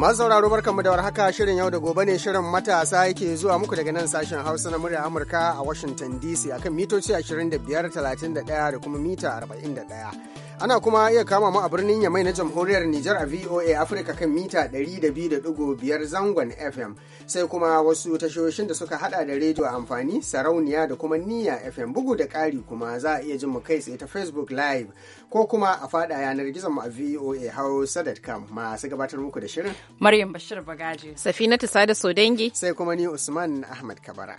masauraro barkanmu da warhaka shirin yau da gobe ne shirin matasa yake zuwa muku daga nan sashen hausa na murya amurka a washington dc akan mitoci 25 31 da kuma mita 41 Ana kuma iya kama mu a birnin Yamai na jamhuriyar Nijar a VOA Africa kan mita 200.5 zangon FM sai kuma wasu tashoshin da suka hada da rediyo amfani sarauniya da kuma niyya FM bugu da kari kuma za a iya jin mu kai tsaye ta Facebook Live ko kuma a fada yanar gizon mu a VOA Hausa.com masu gabatar muku da shirin. Maryam Bashir Bagaji. Safinatu Sada Sodengi. Sai kuma ni Usman Ahmad Kabara.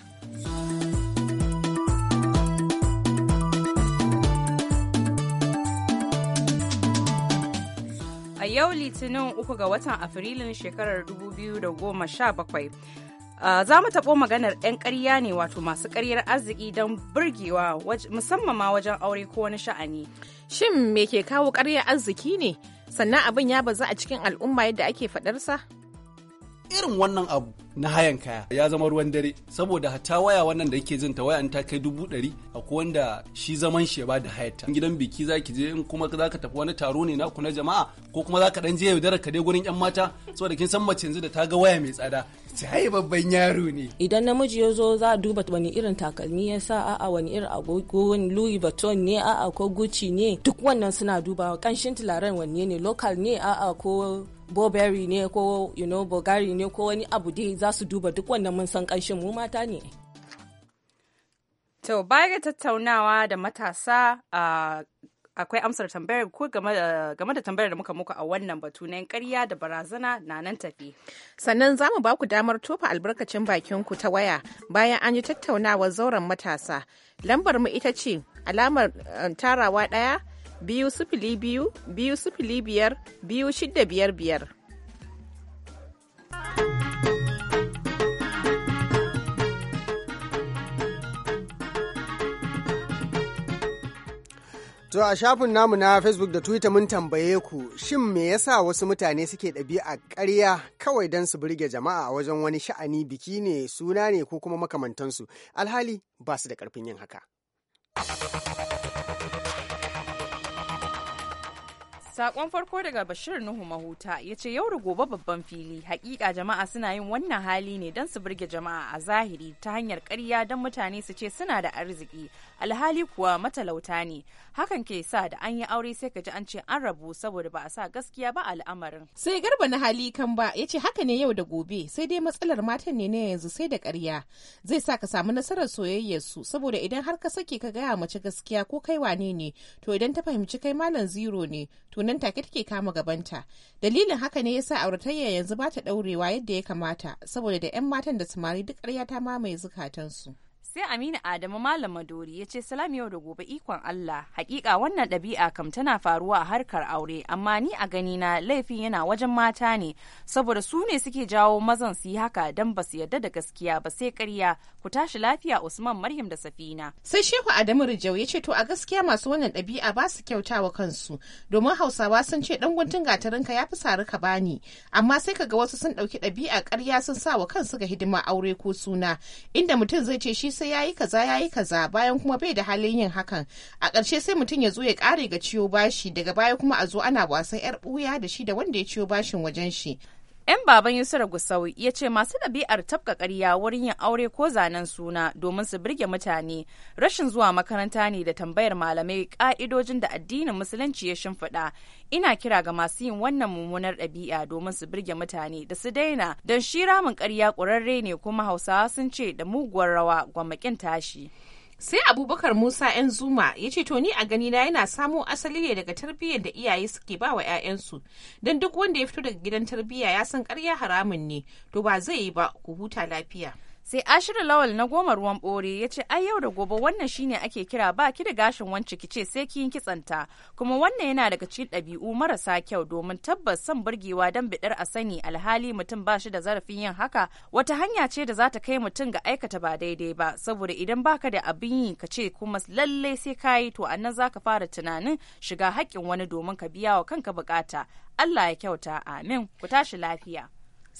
a yau litinin uku ga watan afrilun shekarar 2017 Uh, za mu taɓo maganar 'yan ƙarya ne wato masu ƙaryar arziki don burgewa musamman ma wajen aure ko wani sha'ani. Shin me ke kawo ƙaryar arziki ne? Sannan abin ya bazu a cikin al'umma yadda ake faɗarsa? irin wannan abu na hayan kaya ya zama ruwan dare saboda hata waya wannan da yake jin ta waya in ta kai dubu ɗari akwai wanda shi zaman shi ya ba da hayata gidan biki za ki je in kuma za ka tafi wani taro ne ku na jama'a ko kuma za ka dan je yaudara ka dai gurin yan mata saboda kin san mace yanzu da ta ga waya mai tsada Sai babban yaro ne. Idan namiji ya zo za a duba wani irin takalmi ya sa a'a wani irin agogo wani Louis Vuitton ne a'a ko Gucci ne duk wannan suna dubawa kanshin tularen wanne ne local ne a'a ko Burberry ne ko you know Bulgari ne ko wani abu dai za su duba duk wannan mun san kanshin mu mata ne. To baya tattaunawa da matasa a ah, akwai amsar tambayar ko game da tambayar da muka muku a wannan batu na karya da barazana na nan tafi. Sannan za mu ba ku damar tofa albarkacin bakin ku ta waya bayan an yi tattaunawa zauren matasa. Lambar mu ita ce alamar eh, tarawa ɗaya biyu sifili biyu biyu sifili biyar biyu shidda biyar biyar. To a shafin namu na Facebook da Twitter mun tambaye ku shin me yasa wasu mutane suke ɗabi'a ƙarya kawai don su burge jama'a a wajen wani sha'ani biki ne suna ne ko kuma makamantansu alhali ba su da ƙarfin yin haka. Sakon farko daga Bashir Nuhu Mahuta ya ce yau gobe babban fili hakika jama'a suna yin wannan hali ne don su burge jama'a a zahiri ta hanyar karya don mutane su ce suna da arziki alhali kuwa matalauta ne hakan ke sa da an yi aure sai ka ji an ce an rabu saboda ba a sa gaskiya ba al'amarin. Sai garba na hali kan ba ya ce haka ne yau da gobe sai dai matsalar matan ne na yanzu sai da karya zai sa ka samu nasarar soyayyar su saboda idan har ka sake ka gaya mace gaskiya ko kai wane ne to idan ta fahimci kai malam zero ne to nan take take kama gabanta dalilin haka ne yasa auratayya yanzu ba ta daurewa yadda ya kamata saboda da 'yan matan da samari duk ƙarya ta mamaye zukatansu sai aminu adamu malam madori ya ce salam yau da gobe ikon allah hakika wannan ɗabi'a kam tana faruwa a harkar aure amma ni a gani na laifin yana wajen mata ne saboda su ne suke jawo mazan su yi haka dan ba su yarda da gaskiya ba sai karya ku tashi lafiya usman maryam da safina sai shehu adamu rijau ya ce to a gaskiya masu wannan ɗabi'a ba su wa kansu domin hausawa sun ce dan guntun gatarinka ya fi sari ka bani amma sai kaga wasu sun ɗauki ɗabi'a karya sun sa wa kansu ga hidima aure ko suna inda mutum zai ce shi sai yi kaza ya yi kaza bayan kuma bai da halin yin hakan a ƙarshe sai mutum ya zo ya ƙare ga ciyo bashi daga baya kuma a zo ana wasan yar ɓuya da shi da wanda ya ciyo bashin wajen shi 'yan baban Yusra Gusau ya ce masu ɗabi'ar tafka ƙarya wurin yin aure ko zanen suna domin su birge mutane rashin zuwa makaranta ne da tambayar malamai ƙa'idojin da addinin musulunci ya shimfiɗa ina kira ga masu yin wannan mummunar ɗabi'a domin su birge mutane da su daina don shi ramin ƙarya ƙurarre ne kuma hausawa sun ce da muguwar rawa gwamakin tashi. sai abubakar musa yan zuma ya ce to ni a ganina yana samo asali ne daga tarbiyyar da iyaye suke ba wa 'ya'yansu don duk wanda ya fito daga gidan tarbiyya ya san karya haramun ne to ba zai yi ba ku huta lafiya sai ashirin lawal na goma ruwan bore ya ce ai yau da gobe wannan shine ake kira ba ki da gashin wance ki ce sai kin kitsanta kuma wannan yana daga cikin ɗabi'u marasa kyau domin tabbas san burgewa dan biɗar a sani alhali mutum ba shi da zarafin yin haka wata hanya ce da za ta kai mutum ga aikata ba daidai ba saboda idan baka da abin yi ka ce kuma lallai sai ka yi to annan zaka fara tunanin shiga haƙƙin wani domin ka biya wa kanka bukata Allah ya kyauta amin ku tashi lafiya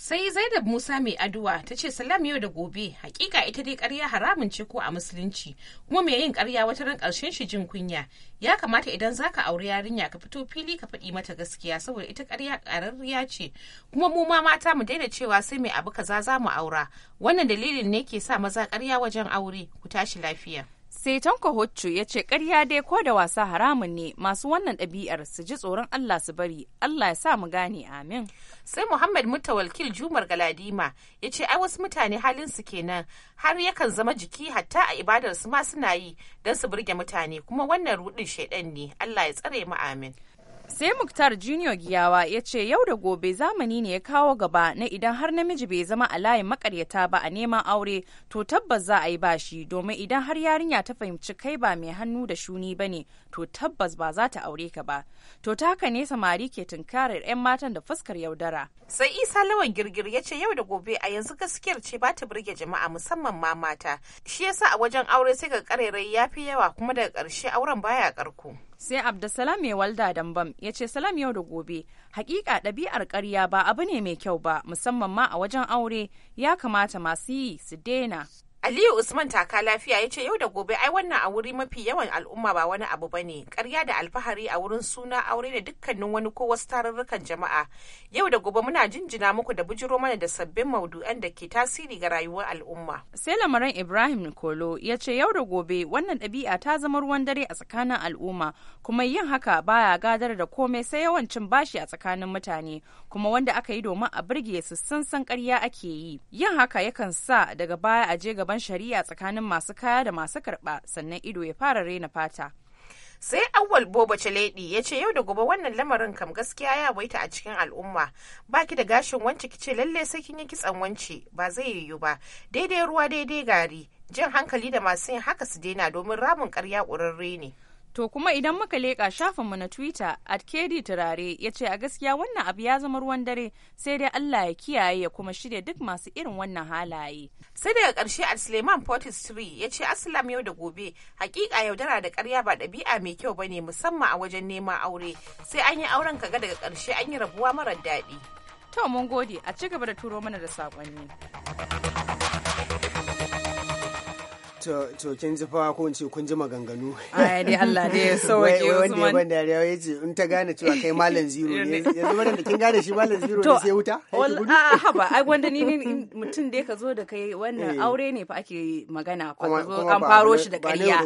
sai zainab musa mai aduwa ta ce salam yau da gobe hakika ita dai ƙarya haramun ce ko a musulunci kuma mai yin ƙarya wata ran karshen shi jin kunya ya kamata idan zaka aure yarinya ka fito fili ka faɗi mata gaskiya saboda ita karya ƙararriya ce kuma mu ma mata mu daina cewa sai mai abu kaza za mu aura wannan dalilin ne ke sa maza ƙarya wajen aure ku tashi lafiya sai tanko hoccu ya ce karya dai ko da wasa haramun ne masu wannan ɗabi'ar su ji tsoron allah su bari allah ya sa mu gane amin sai muhammad mutawalkil jumar galadima ya ce ai wasu mutane halin su kenan har yakan zama jiki hatta a ibadar su ma suna yi don su burge mutane kuma wannan ruɗin shaidan ne allah ya tsare mu amin Sai Muktar Junior Giyawa ya ce yau da gobe zamani ne ya kawo gaba na idan har namiji bai zama a layin makaryata ba a neman aure to tabbas za a yi bashi domin idan har yarinya ta fahimci kai ba mai hannu da shuni ba ne to tabbas ba za ta aure ka ba to ta haka ne samari ke tunkarar 'yan matan da fuskar yaudara sai isa lawan girgir ya ce yau da gobe a yanzu gaskiyar ce ba ta burge jama'a musamman ma mata shi yasa a wajen aure sai ga karerai ya fi yawa kuma daga ƙarshe auren baya ƙarko. sai abdulsalam ya walda dambam ya ce salam yau da gobe hakika ɗabi'ar ƙarya ba abu ne mai kyau ba musamman ma a wajen aure ya kamata masu yi su daina Aliyu Usman taka lafiya ya ce yau da gobe ai wannan a wuri mafi yawan al'umma ba wani abu ba ne karya da alfahari a wurin suna aure da dukkanin wani ko wasu tarurrukan jama'a yau da gobe muna jinjina muku da bujiro mana da sabbin maudu'an da ke tasiri ga rayuwar al'umma. Sai lamarin Ibrahim Nikolo ya ce yau da gobe wannan ɗabi'a ta zama ruwan dare a tsakanin al'umma kuma yin haka baya gadar da komai sai yawancin bashi a tsakanin mutane kuma wanda aka yi domin a birge su sansan karya ake yi yin haka yakan sa daga baya a je gaban shari'a tsakanin masu kaya da masu karɓa sannan ido ya fara rena fata sai awwal boba ledi ya ce yau da gobe wannan lamarin kam gaskiya ya waita a cikin al'umma baki da gashin wance kice lalle sai kin yi kitsan wance ba zai yiwu ba daidai ruwa daidai gari jin hankali da masu yin haka su daina domin ramin karya ƙurarre ne To kuma idan muka leƙa shafinmu na Twitter at KD Turare ya ce a gaskiya wannan abu ya zama ruwan dare sai dai Allah ya kiyaye ya kuma shirya duk masu irin wannan halaye. Sai daga ƙarshe a Suleiman Fortis 3 ya ce Aslam yau da gobe hakika yaudara da ƙarya ba ɗabi'a mai kyau ba ne musamman a wajen neman aure sai an yi auren kaga daga ƙarshe an yi rabuwa marar daɗi. To mun gode a ci gaba da turo mana da saƙonni. to kin ji fa ko in ce kun ji maganganu ai dai Allah dai ya sauke Usman wanda ya ban dariya ya ce in ta gane cewa kai malam zero ne yanzu wannan da kin gane shi malam zero ne sai wuta a haba ai wanda ni mutum dai ka zo da kai wannan eh. aure ne fa ake magana ko zo kan faro shi da kariya.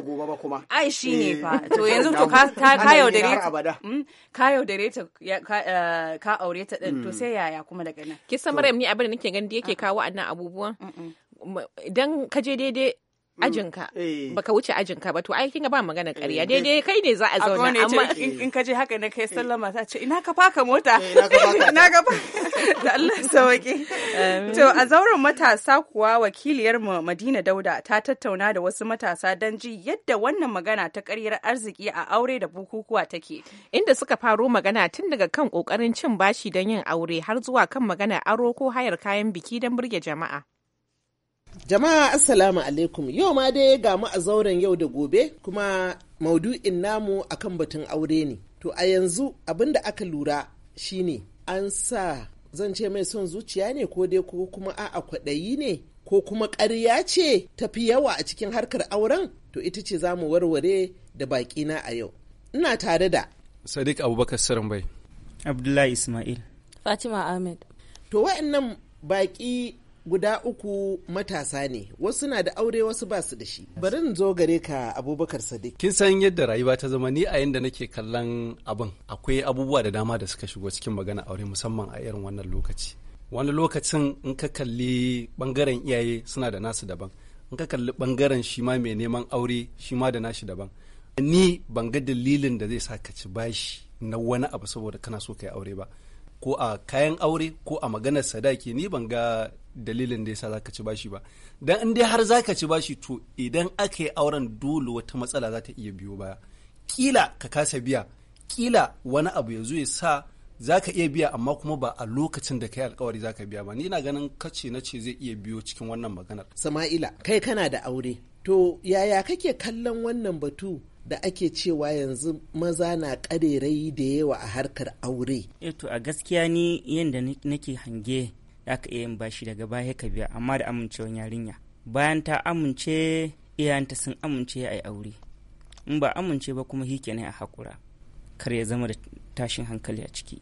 ai shi ne eh. fa to yanzu to ka ka yaudare ta hmm? ka yaudare ta eh, ka aure ta din to hmm. sai yaya kuma daga nan kisa Maryam ni abin da nake gani da yake ah. kawo annan abubuwan idan ka je daidai Mm. ajinka eh. baka wuce ajinka ba to ai kinga ba magana ƙarya eh. daidai kai ne za a zauna amma in ka je haka na kai eh. sallama ta ce ina ka faka mota ina ka faka da Allah sauki to a zauren matasa kuwa wakiliyar mu Madina Dauda ta tattauna da wasu matasa dan ji yadda wannan magana ta ƙaryar arziki a aure da bukukuwa take inda suka faro magana tun daga kan kokarin cin bashi don yin aure har zuwa kan magana aro ko hayar kayan biki dan burge jama'a Jama'a Assalamu alaikum yau ma dai ga mu a zauren yau da gobe kuma maudu'in namu akan batun aure ne. To a yanzu abin da aka lura shine an sa zan ce mai son zuciya ne ko dai ko kuma a'a kwaɗayi ne ko kuma ƙarya ce tafi yawa a cikin harkar auren to ita ce za mu warware da baƙina a yau. Ina tare da. Sadiq Abubakar Bai. Abdullahi Ismail. Fatima Ahmed. To wa'annan baƙi guda uku matasa ne wasu na da aure wasu ba su da shi bari in zo gare ka abubakar sadiq kin san yadda rayuwa ta zama ni a yanda nake kallon abin akwai abubuwa da dama da suka shigo cikin magana aure musamman a irin wannan lokaci wani lokacin in ka kalli bangaren iyaye suna da nasu daban in ka kalli bangaren shi ma mai neman aure shi ma da nashi daban ni ban ga dalilin da zai sa ka ci bashi na wani abu saboda kana so ka yi aure ba ko a kayan aure ko a maganar sadaki ni ban ga dalilin da yasa zaka ci bashi ba dan in dai har zaka ci bashi to idan aka yi auren dole wata matsala za ta iya biyo baya kila ka kasa biya kila wani abu ya zo ya sa za ka iya biya amma kuma ba a lokacin da kai alkawari za ka biya ba ni na ganin kace na ce zai iya biyo cikin wannan maganar sama'ila kai kana da aure to yaya kake kallon wannan batu da ake cewa yanzu maza na karerai da yawa a harkar aure eh to a gaskiya ni yadda nake hange ka iya yin bashi daga baya ka biya amma da amincewar yarinya bayan ta amince iyayenta sun amince a yi aure in ba amince ba kuma hike ne a hakura kar ya zama da tashin hankali a ciki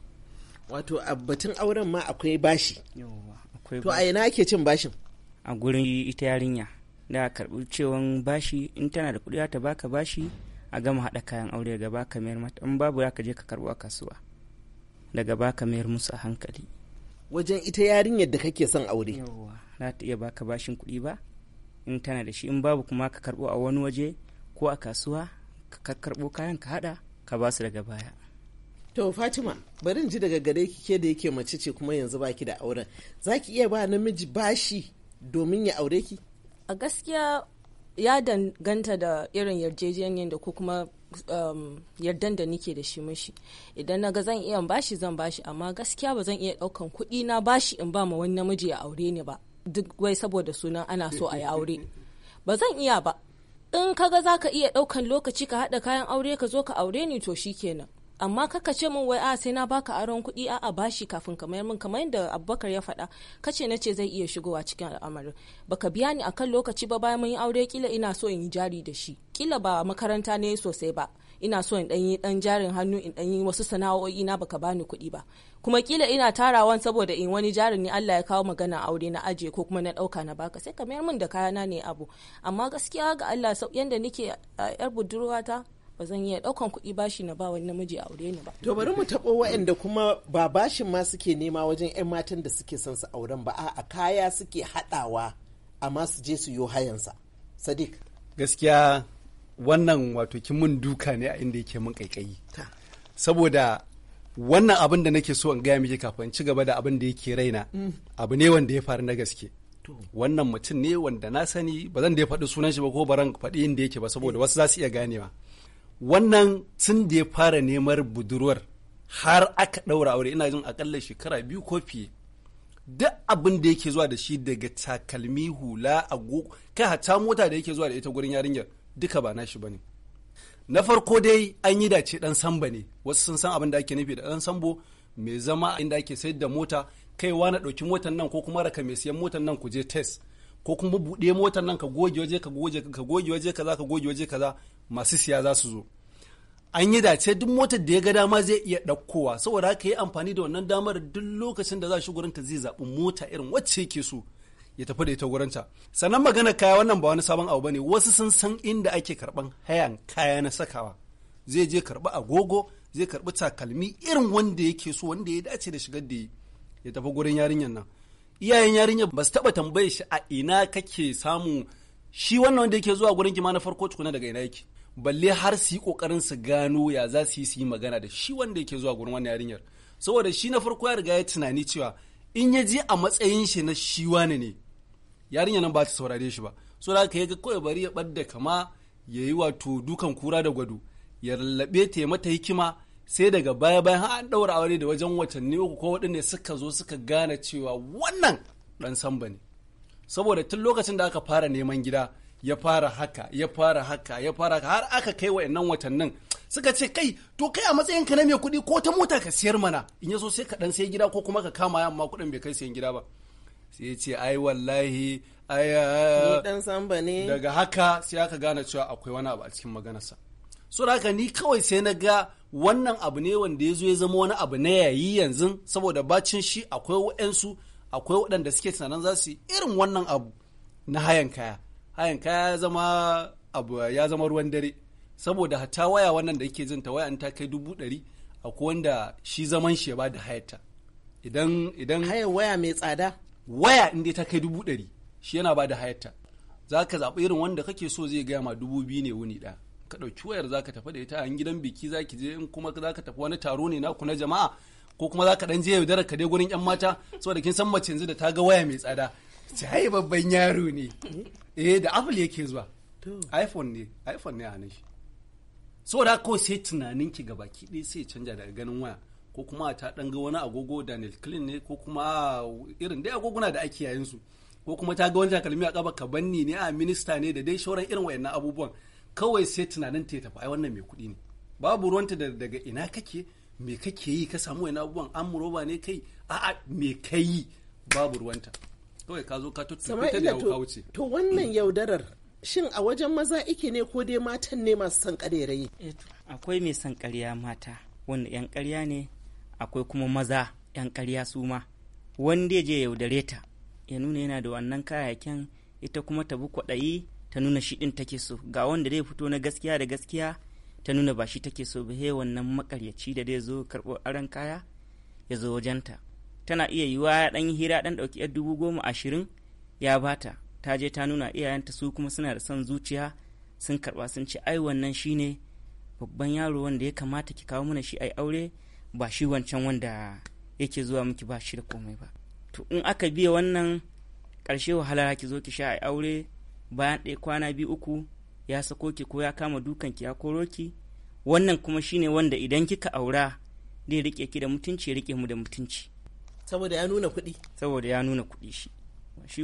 wato a batun auren ma akwai bashi to a ina ake cin bashin a gurin ita yarinya da karɓi cewan bashi in tana da kuɗi ta baka bashi a gama haɗa kayan aure ga baka mayar mata in babu ya ka je ka karɓo a kasuwa daga baka mayar musu a hankali wajen ita yarinyar da kake son aure yawwa za ta iya baka bashin kuɗi ba in tana da shi in babu kuma ka karɓo a wani waje ko a kasuwa ka karɓo kayan ka haɗa ka ba su daga baya to fatima bari in ji daga gare ke da yake mace ce kuma yanzu baki da auren za ki iya ba namiji bashi domin ya aure ki a gaskiya ya danganta da irin yarjejeniyar da ko kuma um, yardan da nike da shi mashi idan na ga zan iya bashi zan bashi amma gaskiya ba zan iya daukan kuɗi na bashi in ba ma wani namiji ya aure ni ba duk wai saboda sunan ana so a yi aure ba zan iya ba in kaga za ka iya daukan lokaci ka haɗa kayan aure ka zo ka aure ni to shikenan amma kaka ce min wai a sai na baka aron kuɗi a bashi kafin ka min kamar yadda abubakar ya faɗa kace na ce zai iya shigowa cikin al'amarin baka biya ni akan lokaci ba bayan mun yi aure kila ina so in yi jari da shi kila ba makaranta ne sosai ba ina so in ɗanyi ɗan jarin hannu in ɗanyi wasu sana'o'i na baka bani kuɗi ba kuma kila ina tarawan saboda in wani jarin ne Allah ya kawo magana aure na aje ko kuma na ɗauka na baka sai ka mayar min da kayana ne abu amma gaskiya ga Allah yadda nake yar budurwata ba zan iya daukan kuɗi bashi na ba wani namiji a aure ni ba. To bari mu taɓo waɗanda kuma ba bashin ma suke nema wajen 'yan matan da suke son su auren ba a kaya suke haɗawa amma su je su yo hayansa. Sadiq. Gaskiya wannan wato kin mun duka ne a inda yake mun kaikayi. Saboda wannan abin da nake so in gaya miki kafin ci gaba da abin da yake raina mm. abu ne wanda ya faru na gaske. Wannan mutum ne wanda na sani ba zan da ya faɗi sunan shi ba ko baran faɗi inda yake ba saboda eh. wasu za su iya ganewa. wannan tun da ya fara neman budurwar har aka ɗaura aure ina jin akalla shekara biyu ko fiye duk abin da yake zuwa da shi daga takalmi hula agogo kai hata mota da yake zuwa da ita gurin yarinyar duka ba nashi bane na farko dai an yi dace dan samba ne wasu sun san abin da ake nufi da dan sambo mai zama inda ake sayar da mota kaiwa na ɗauki motan nan ko kuma raka mai siyan motan nan ku je test ko kuma buɗe motan nan ka goge waje ka goge ka goge waje kaza ka goge waje kaza masu siya za su zo an yi dace duk motar da ya ga dama zai iya ɗaukowa saboda haka yi amfani da wannan damar duk lokacin da za shi gurinta zai zaɓi mota irin wacce yake so ya tafi da ita gurinta sannan magana kaya wannan ba wani sabon abu bane wasu sun san inda ake karɓan hayan kaya na sakawa zai je karɓi agogo zai karɓi takalmi irin wanda yake so wanda ya dace da shigar da ya tafi gurin yarinyar nan iyayen yarinyar ba su taɓa tambaye shi a ina kake samu shi wannan wanda yake zuwa gurin ki ma na farko tukuna daga ina yake balle har su yi kokarin su gano ya za su yi yi magana da shi wanda yake zuwa gurin wannan yarinyar saboda shi na farko ya riga ya tunani cewa in ya je a matsayin shi na shi wane ne yarinyar nan ba ta saurare shi ba so da ka ya ga kawai bari ya bada kama ya yi wato dukan kura da gwado ya lallaɓe ta ya mata hikima sai daga baya bayan an ɗaura aure da wajen watanni uku ko waɗanne suka zo suka gane cewa wannan ɗan samba ne saboda tun lokacin da aka fara neman gida ya fara haka ya fara haka ya fara haka har aka kai wa'annan watannin suka ce kai to kai a matsayin ka na mai kuɗi ko ta mota ka siyar mana in ya so sai ka dan sai gida ko kuma ka kama ya amma kuɗin bai kai siyan gida ba sai ce ai wallahi ai dan samba ne daga haka sai aka gane cewa akwai wani abu a cikin maganarsa so haka ni kawai sai na ga wannan abu ne wanda ya zo ya zama wani abu na yayi yanzu saboda bacin shi akwai wa'ansu akwai waɗanda suke tunanin za su yi irin wannan abu na hayan kaya hayan kaya ya zama abu ya zama ruwan dare saboda hatta waya wannan da yake jinta waya an ta kai dubu ɗari akwai wanda shi zaman shi ya ba da hayata idan idan hayan waya mai tsada waya inda ta kai dubu ɗari shi yana ba da hayata za ka zaɓi irin wanda kake so zai gaya ma dubu biyu ne wuni ɗaya ka ɗauki wayar za ka tafi da ita a gidan biki za ki je in kuma za ka tafi wani taro ne naku na jama'a ko kuma za ka ɗan je yaudarar ka dai gurin 'yan mata saboda kin san mace yanzu da ta ga waya mai tsada Cai babban yaro ne. Eh da Apple yake zuwa. iPhone ne, iPhone ne a nan shi. So da ko sai tunanin ki gaba ki ɗaya sai canja daga ganin waya. Ko kuma ta ɗan ga wani agogo Daniel Klein ne ko kuma irin dai agoguna da ake yayin su. Ko kuma ta ga wani takalmi a ƙaba kabanni ne a minista ne da dai shauran irin wayannan abubuwan. Kawai sai tunanin ta tafi ai wannan mai kuɗi ne. Babu ruwanta daga ina kake me kake yi ka samu wayannan abubuwan an ne kai a'a me ka yi babu ruwanta. kawai ka zo ka tuttuɓe ta da ka wuce to wannan yaudarar shin a wajen maza ike ne ko dai matan ne masu san ƙarerayi eh akwai mai san ƙarya mata wanda yan ƙarya ne akwai kuma maza yan ƙarya su ma wanda je yaudare ta ya nuna yana da wannan kayayyakin ita kuma ta bi kwaɗayi ta nuna shi ɗin take so ga wanda zai fito na gaskiya da gaskiya ta nuna ba shi take so ba he wannan makaryaci da zai zo karɓo aron kaya ya zo wajenta tana iya yiwa ya dan hira dan ɗauki yar dubu goma ashirin ya bata ta je ta nuna iyayenta su kuma suna da son zuciya sun karba sun ce ai wannan shine babban yaro wanda ya kamata ki kawo mana shi ai aure ba shi wancan wanda yake zuwa miki ba shi da komai ba to in aka biya wannan karshe wahala ki zo ki sha ai aure bayan ɗaya kwana biyu uku ya sako ki ko ya kama dukan ki ya koro ki wannan kuma shine wanda idan kika aura zai rike ki da mutunci ya rike mu da mutunci saboda ya nuna kuɗi saboda ya nuna kuɗi shi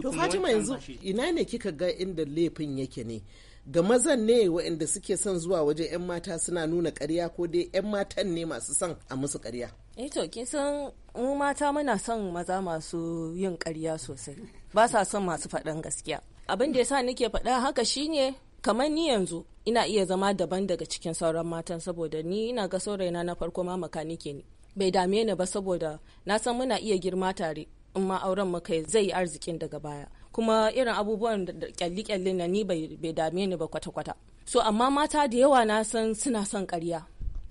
to fatima yanzu ina ne kika ga inda laifin yake ne ga mazan ne waɗanda suke son zuwa waje 'yan mata suna nuna ƙarya ko dai 'yan matan ne masu son a musu ƙarya eh to kin san mu mata muna son maza masu yin ƙarya sosai ba sa son masu faɗan gaskiya abin da yasa nake faɗa haka shine kamar ni yanzu ina iya zama daban daga cikin sauran matan saboda ni ina ga saurayina na farko ma makanike ne bai dame ni ba saboda na san muna iya girma tare in ma auren muka zai yi arzikin daga baya kuma irin abubuwan da kyalli-kyalli na ni bai dame ni ba kwata-kwata so amma mata da yawa na san suna son karya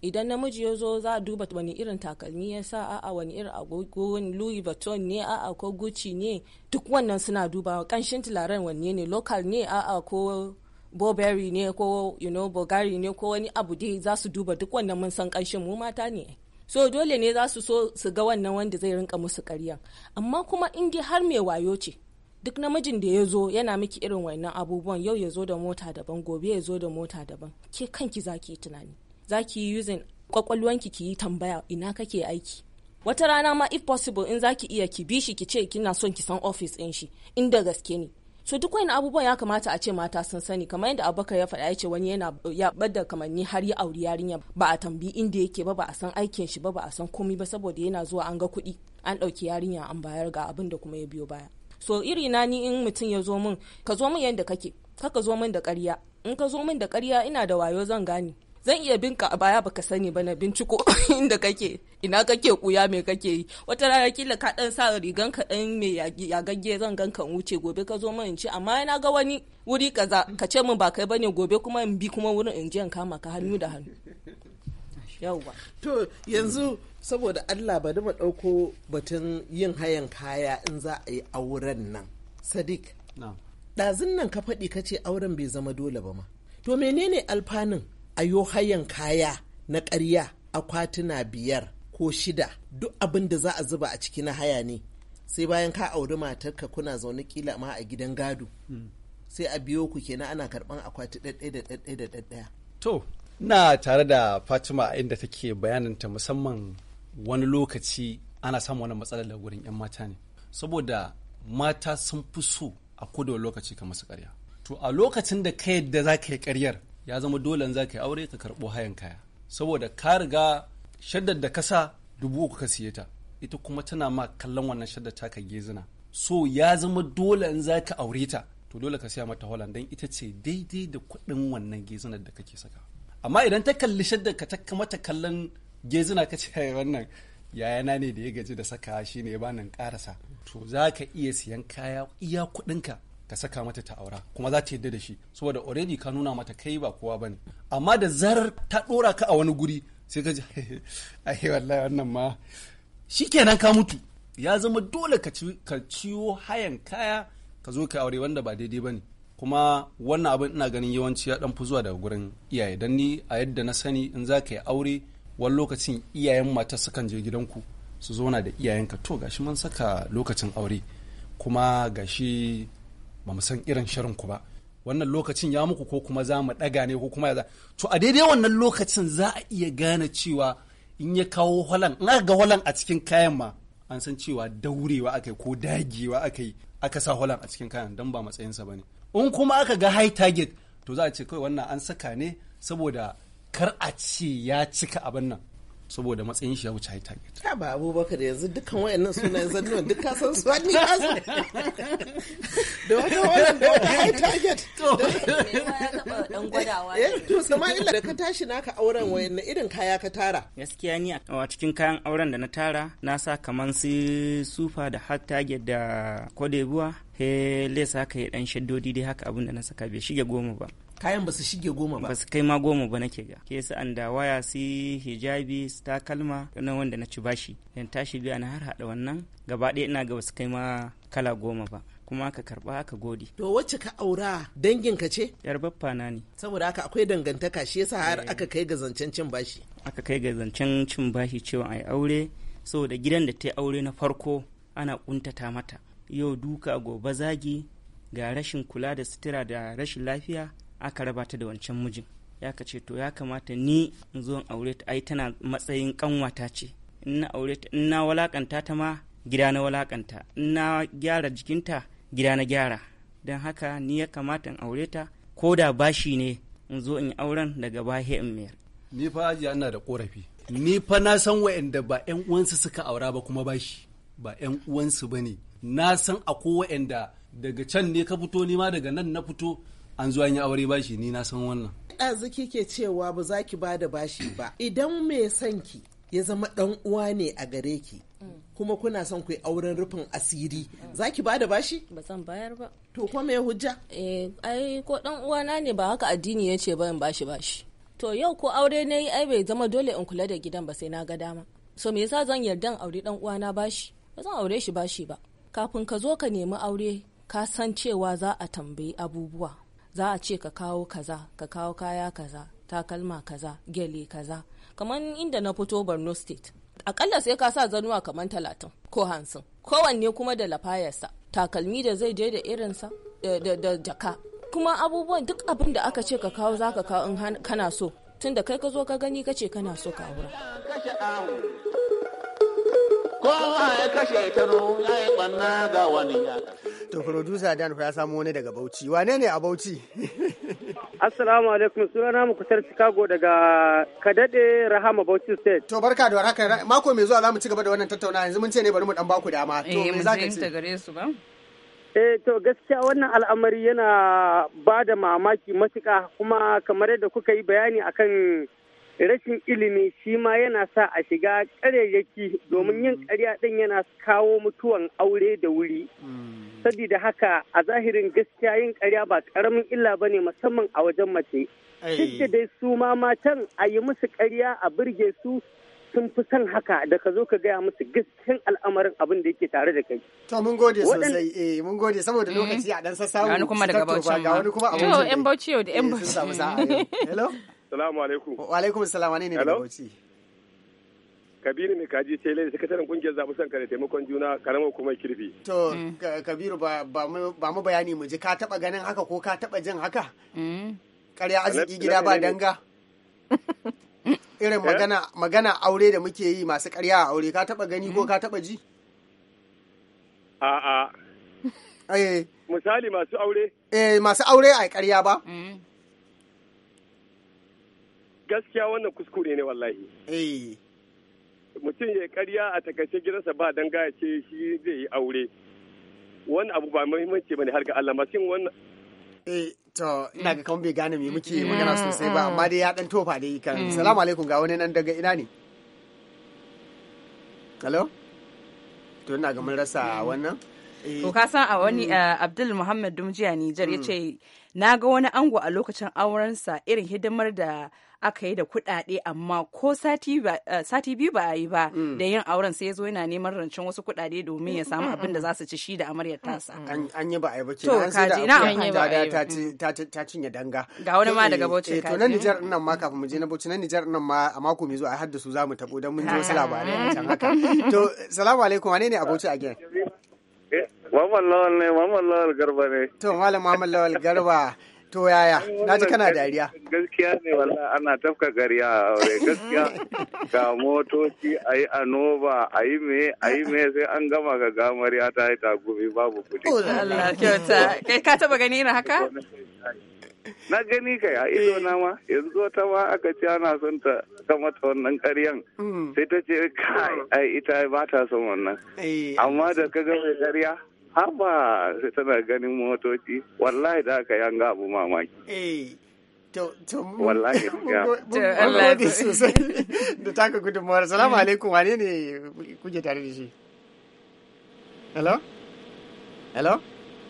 idan namiji ya zo za a duba wani irin takalmi ya sa a'a wani irin agogo louis vuitton ne a'a ko gucci ne duk wannan suna dubawa kanshin tularen wanne ne local ne a'a ko burberry ne ko you know bulgari ne ko wani abu dai za su duba duk wannan mun san kanshin mu mata ne so dole ne za su so su ga wannan wanda zai rinka musu karyan amma kuma in dai har mai wayo ce duk namijin da ya zo yana miki irin wannan abubuwan yau ya zo da mota daban gobe ya zo da mota daban ke kanki za ki yi tunani za ki yi using kwakwalwanki ki yi tambaya ina kake aiki wata rana ma if possible in za ki iya ki bi shi ki ce kina son ki san office ɗin shi inda gaske ne so duk wani abubuwan ya kamata a ce mata sun sani kamar yadda abubakar ya faɗa ya ce wani yana ya bada kamanni har ya auri yarinya ba a tambayi inda yake ba ba a san aikin shi ba ba a san komai ba saboda yana zuwa an ga kuɗi an ɗauki yarinya an bayar ga abin da kuma ya biyo baya so iri na ni in mutum ya zo min ka zo min yadda kake kaka zo min da ƙarya in ka zo min da ƙarya ina da wayo zan gane zan iya binka a baya baka sani ba na binciko inda kake ina kake kuya me kake yi wata rana kila ka dan sa rigan ka dan me yagagge zan gan ka wuce gobe ka zo in ci amma na ga wani wuri kaza ka ce min ba kai bane gobe kuma in bi kuma wurin in ji in kama ka hannu da hannu yawwa to yanzu saboda Allah bari mu dauko batun yin hayan kaya in za a yi auren nan sadiq ɗazun nan ka faɗi kace auren bai zama dole ba ma to menene alfanun Ayo hayan kaya na ƙarya akwatuna biyar ko shida duk abin da za a zuba a ciki na haya ne sai bayan ka auri matarka kuna zaune kila ma a gidan gado sai a biyo ku kenan ana karban akwati ɗaɗɗaya da ɗaɗɗaya da To, na tare da Fatima inda take bayananta musamman wani lokaci ana samun wani matsalar gurin 'yan mata ne. Saboda mata sun fi so a koda lokaci kamar su karya. To a lokacin da ka yadda za ka yi karyar ya zama dole za ka yi aure ka karɓo hayan kaya saboda ka riga shaddar da kasa dubu uku ka siye ta ita kuma tana ma kallon wannan shaddar ka gezina so ya zama dole in za ka aure ta to dole ka siya mata holan don ita ce daidai da kuɗin wannan gezinar da kake saka amma idan ta kalli shaddar ka ta mata kallon gezina ka ce wannan yayana ne da ya gaji da saka shi ne ba nan karasa to za ka iya siyan kaya iya kuɗinka ka saka mata ta aura kuma za ta yadda da shi saboda already ka nuna mata kai ba kowa ba ne amma da zarar ta dora ka a wani guri sai ka ji ai wallahi wannan ma shi kenan ka mutu ya zama dole ka ciwo hayan kaya ka zo ka aure wanda ba daidai ba ne. kuma wannan abin ina ganin yawanci ya dan fi zuwa daga gurin iyaye dan ni a yadda na sani in za ka yi aure wani lokacin iyayen mata sukan je gidanku su zauna da iyayenka to gashi mun saka lokacin aure kuma gashi ba mu san irin shirin ku ba wannan lokacin ya muku ko kuma za mu ɗaga ne ko kuma ya za to a daidai wannan lokacin za a iya gane cewa in ya kawo holan in aka ga holan a cikin kayan ma an san cewa daurewa akai ko dagewa akai aka sa holan a cikin kayan don ba matsayinsa ba ne in kuma aka ga high target to za a ce kawai wannan an saka ne saboda kar a ce ya cika abin nan saboda matsayin shi ya wuce high target. Ya ba Abubakar yanzu dukkan wayannan sunayen zannuwan duk ka san su wani ba su. Da wata wayan da wata high target. Dan gwadawa. Eh to illa da ka tashi naka auren wayannan irin kaya ka tara. Gaskiya ni a cikin kayan auren da na tara na sa kaman su sufa da high target da kodebuwa. He lesa haka ya dan shaddodi dai haka abin da na saka bai shige goma ba. kayan ba su shige goma ba ba kai ma goma ba nake ga ke su an da waya su hijabi su takalma na wanda na ci bashi dan tashi biya na har haɗa wannan gaba ɗaya ina ga basu kai ma kala goma ba kuma aka karɓa aka gode. To wacce ka aura dangin ka ce? Yar baffa na ne. Saboda haka akwai dangantaka shi yasa har eh. aka kai ga zancen cin bashi. Aka kai ga zancen cin bashi cewa ai aure saboda gidan da ta yi aure na farko ana kuntata mata. Yau duka gobe zagi ga rashin kula da sutura da rashin lafiya aka raba ta da wancan mijin ya ka ce to ya kamata ni in zo in aure ta ai tana matsayin kanwata ce in na aure ta in na walakanta ta ma gida na walakanta in na gyara jikinta gida na gyara don haka ni ya kamata in aure ta ko da bashi ne in zo in auren daga bahe in mayar ni fa aji ana da korafi ni fa na san wa'anda ba yan uwansu suka aura ba kuma bashi ba yan uwansu bane na san akwai wa'anda daga can ne ka fito ni ma daga nan na fito an zuwa yi aure bashi ni na san wannan ɗazu ke cewa ba za ki ba da bashi ba idan mai son ki ya zama ɗan uwa ne a gare ki kuma kuna son ku yi auren rufin asiri za ki ba da bashi ba zan bayar ba to ko me hujja eh ai ko ɗan na ne ba haka addini ya ce ba in bashi bashi to yau ko aure ne, ai bai zama dole in kula da gidan ba sai na ga dama so me yasa zan yarda aure dan na bashi ba zan aure shi bashi ba kafin ka zo ka nemi aure ka san cewa za a tambayi abubuwa za a ce ka kawo kaza ka kawo kaya kaza takalma kaza gyale kaza kamar inda na fito borno state akalla sai ka sa zanuwa kamar talatin ko hansin kowanne kuma da lafayarsa takalmi da zai je da irinsa da jaka kuma abubuwan duk abin da aka ce ka kawo za ka kawo in kana so tun da kai ka zo ka gani ka ce kana so ka aura. kowa ya kashe ta ya yi banna ga wani ya to producer dan ya samu wani daga bauchi wane ne a bauchi assalamu alaikum sunana mu kusar chicago daga kadade rahama bauchi state to barka da warhaka mako mai zuwa zamu ci gaba da wannan tattaunawa yanzu mun ce ne bari mu dan baku dama to eh, me zaka ce gare su ba Eh to gaskiya wannan al'amari yana ba da mamaki matuka kuma kamar yadda kuka yi bayani akan rashin ilimi shi ma yana sa a shiga ƙaryayyaki domin yin mm. ƙarya ɗin yana kawo mutuwan aure da wuri. Mm. Sabida haka a zahirin gaskiya yin ƙarya ba ƙaramin illa ba ne musamman a wajen mace. Duk dai su ma matan a yi musu ƙarya a birge su sun fi son haka da ka zo ka gaya musu gaskiyan al'amarin abin da yake tare da kai. To mun gode sosai eh mun gode saboda mm. lokaci a dan sassawo. Ga wani kuma daga Bauchi. Ga wani kuma a Bauchi. To yan Bauchi yau da yan eh, Bauchi. Hello. Salamu alaikum. Wa alaikum salam ne daga Bauchi. Kabiru mai kaji ce lai sakataren kungiyar zaɓi san kare taimakon juna karamar kuma kirfi. To Kabiru ba mu bayani mu ji ka taɓa ganin haka ko ka taɓa jin haka? Karya mm. arziki gida ba danga. Irin eh? magana aure da muke yi masu karya a aure ka taɓa gani ko mm. ka taɓa ji? A'a. Eh. Misali masu aure? Eh masu aure a karya ba. Mm. gaskiya wannan kuskure ne wallahi eh. mutum ya karya a takaice gidansa ba don gaya ce shi zai yi aure wani abu ba muhimmanci ne har ga Allah masin wannan eh to ina ga kawai bai gane me muke mm. magana sosai ba amma dai ya dan tofa da yi kan mm. salamu alaikum ga wani nan daga ina ne hello to ina ga mun rasa wannan to ka san a wani mm. eh, abdul muhammad dumjiya nijar ya ce na ga wani ango a lokacin aurensa irin hidimar da aka yi da kuɗaɗe amma ko sati eh, biyu ba a yi ba mm. da yin auren sai ya zo yana neman rancen wasu kuɗaɗe domin ya samu abin da za su ci shi da amaryar tasa. Mm, mm, an yi ba a yi ba an nan sai da abokan ta cinye danga. Ga wani ma eh, daga Bauchi ka. Eh, to na Nijar nan ma kafin mu je na Bauchi nan Nijar nan ma a mako mai zuwa a haddasu za mu taɓo don mun ji wasu labarai a can haka. To salamu alaikum wane ne a Bauchi again? Mamman Lawal ne, Mamman Lawal Garba ne. To, Malam Mamman Lawal Garba. To yaya, na ji kana dariya. Gaskiya ne wala ana tafka gariya a aure gaskiya ga motoci a yi anoba a yi me a yi me sai an gama ga gamariya ta yi tagumi babu kudi. Allah kyauta, kai ka taba gani irin haka? na gani kai a ido na ma yanzu ta ma aka ce ana son ta ta mata wannan karyan mm. sai ta ce kai ai ita ba ta son wannan eh. amma da ka gama karya haba sai tana ganin motoci wallahi da aka yanga abu mamaki eh, wallahi sosai da taka gudunmawar salamu mm. alaikum wane ne kuke tare da shi hello hello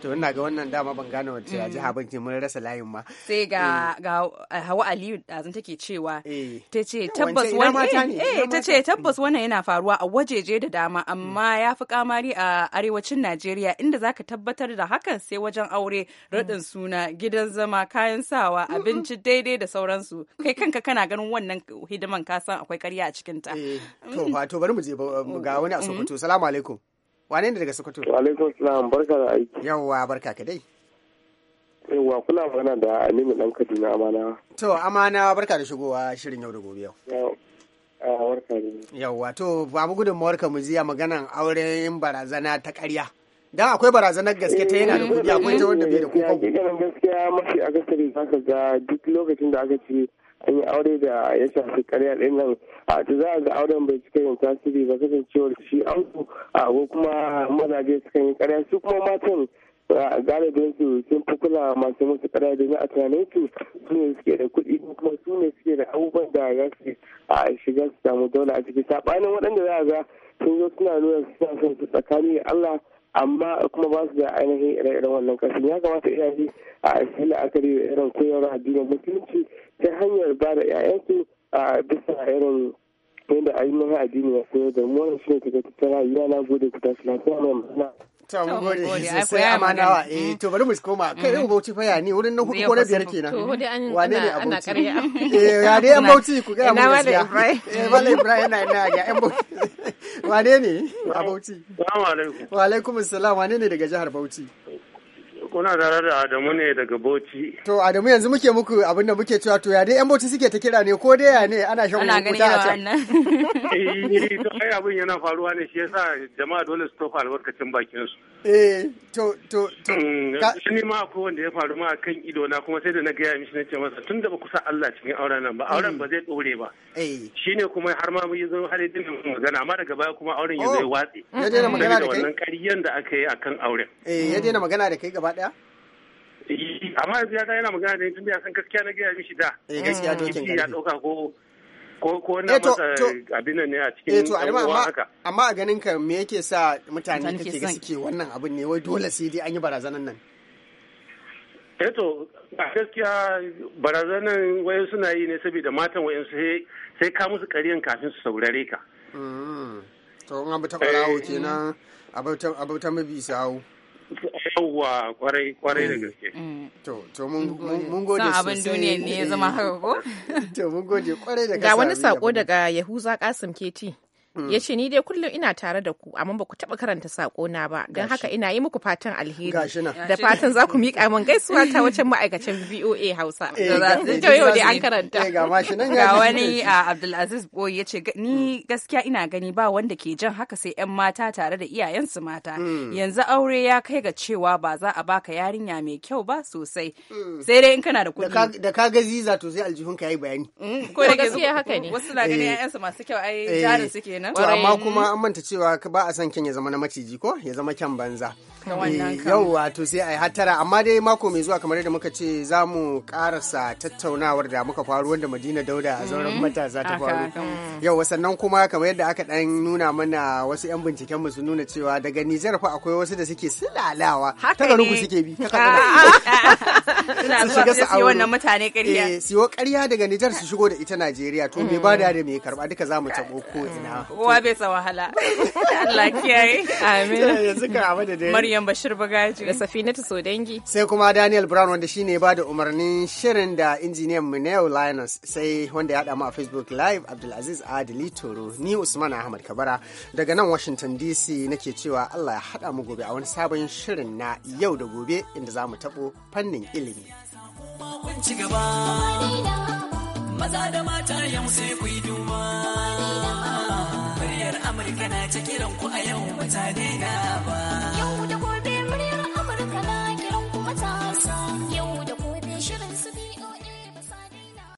to ina ga wannan dama ban gane wace a mm. jiha ban mun rasa layin ma sai ga eh. ga eh, Hawa Aliyu azan take cewa ta ce tabbas wannan eh ta ce tabbas eh, mm. wannan yana faruwa a wajeje da dama mm. amma ya fi kamari a arewacin Najeriya inda zaka tabbatar da hakan sai wajen aure raɗin suna gidan zama kayan sawa abinci daidai da sauransu kai kanka kana ganin wannan hidiman ka san akwai karya a cikin ta to wato bari mu je ga wani a Sokoto salamu alaikum wane ne daga sokoto wa alaikum salam barka da aiki yawwa barka ka dai yawwa kula magana da aminu dan kaduna amana to amana barka da shigowa shirin yau da gobe yau yawwa to ba mu gudunmawar ka mu ziya maganan auren barazana ta ƙarya dan akwai barazanar gaske ta yana da eh, kudi akwai ta wanda bai da kuka gaskiya mafi akasari zaka ga duk lokacin da aka ce an yi aure da ya shafi karya ɗin nan a ta za a ga auren bai cika yin tasiri ba kasancewar shi ku a ko kuma mazaje sukan yi karya su kuma matan galibin su sun fi kula masu musu karya da a tunanin su su ne suke da kuɗi kuma su ne suke da abubuwan da za su a shiga su samu daula a ciki saɓanin waɗanda za a ga sun zo suna nuna suna son su tsakani Allah amma kuma ba su da ainihin ire-iren wannan kasan ya kamata iyaye a yi la'akari da irin koyar addinin musulunci ta hanyar ba da 'ya'yansu a bisa irin yadda ainihin addini ya koyar da mu wannan shi ne take tattara na gode ku tashi lafiya mai ta mun gode amana wa. eh to bari mu koma kai mu mm. bauchi faya ne wurin hudu ko biyar kenan wane ne a bauchi eh ya dai an bauchi ku ga mu eh ibrahim na ina ga an wane ne a bauchi alaikum wa alaikum assalam wane ne daga jihar bauchi kuna tare da Adamu ne daga Bauchi. To Adamu yanzu muke muku abin da muke cewa to ya dai yan Bauchi suke ta kira ne ko dai ya ne ana shan wani kuta a can. Eh, to ai abin yana faruwa ne shi yasa jama'a dole su tofa albarkacin bakin su. Eh to to to. Mm, shi ne ma akwai wanda ya faru ma kan ido na kuma sai da na gaya mishi na ce masa tun da ba kusa Allah cikin auren nan ba mm. auren ba zai dore ba. Eh. Shi ne kuma har ma mun zo har yadda magana amma daga baya kuma auren ya zai oh. watsi. Ya daina magana da kai. Wannan ƙaryen da aka yi akan auren. Eh ya daina magana da kai gaba faɗa? Eh, amma yanzu ya yana magana da tun da san gaskiya na gaya mishi da eh, gaskiya to dokin ya ɗauka ko ko ko na eh, masa abin ne a cikin uwa haka amma amma a ganin ka me yake sa mutane kake ga suke wannan abin ne wai dole sai dai an yi barazanan nan eh to gaskiya barazanan wayan suna yi ne saboda matan wayan sai sai ka musu ƙaryan kafin su saurare ka mm. to an abu ta kwarawo kenan abu ta mabi sawu yauwa kwarai kwarai da mm. gaske mm. to to mun gode sosai abin duniya ne ya zama haka ko to mun gode kwarai da gaske ga wani sako daga Yahuza Kasim Keti Mm. ya ce ni dai kullum ina tare da ku amma ba ku taba karanta na ba don haka ina yi muku fatan alheri da fatan za ku miƙa min gaisuwa ta wacan ma'aikacin VOA Hausa. Da eh, yau dai an karanta. Eh, ga wani Abdulaziz Boy ya ce ni gaskiya ina gani ba wanda ke jan haka sai 'yan mata tare da iyayensu mata. Mm. Yanzu aure ya kai ga cewa ba za a baka yarinya mai kyau ba sosai. Mm. Sai dai in kana da kuɗi. Da ka ga ziza to sai aljihunka ya yi bayani. Ko da gaskiya haka ne. Wasu na ganin 'ya'yansu eh. masu kyau ai jarin su kenan. kenan to amma kuma an manta cewa ba a son kyan ya zama na maciji ko ya zama kyan banza eh, yauwa to sai a yi hattara amma dai mako mai zuwa kamar yadda muka ce za mu karasa tattaunawar da muka faru wanda madina dauda a zauren mm-hmm. matasa ta faru yau sannan kuma kamar yadda aka dan nuna mana wasu yan binciken mu sun nuna cewa daga Nijar fa akwai wasu da suke silalawa ta garin ku suke bi suna zuwa su siyo wannan mutane ƙarya eh, siyo ƙarya daga Nijar su shigo da ita Najeriya to me bada mm. da me karba duka za mu tabo ko ina Wa bai sa wahala. Allah kiyaye. Amin. Yanzu ka abu da Maryam Bashir Bagaji. Da Safinatu Sodangi. Sai kuma Daniel Brown wanda shine ba bada umarnin shirin da injiniyan mu Neo Linus sai wanda ya mu a Facebook Live Abdulaziz Adili Toro ni Usman Ahmad Kabara daga nan Washington DC nake cewa Allah ya hada mu gobe a wani sabon shirin na yau da gobe inda zamu tabo taɓo fannin ilimi. Maza da mata yau sai ku yi duma. Amurka na ta kiran ku a yau mutane na ba.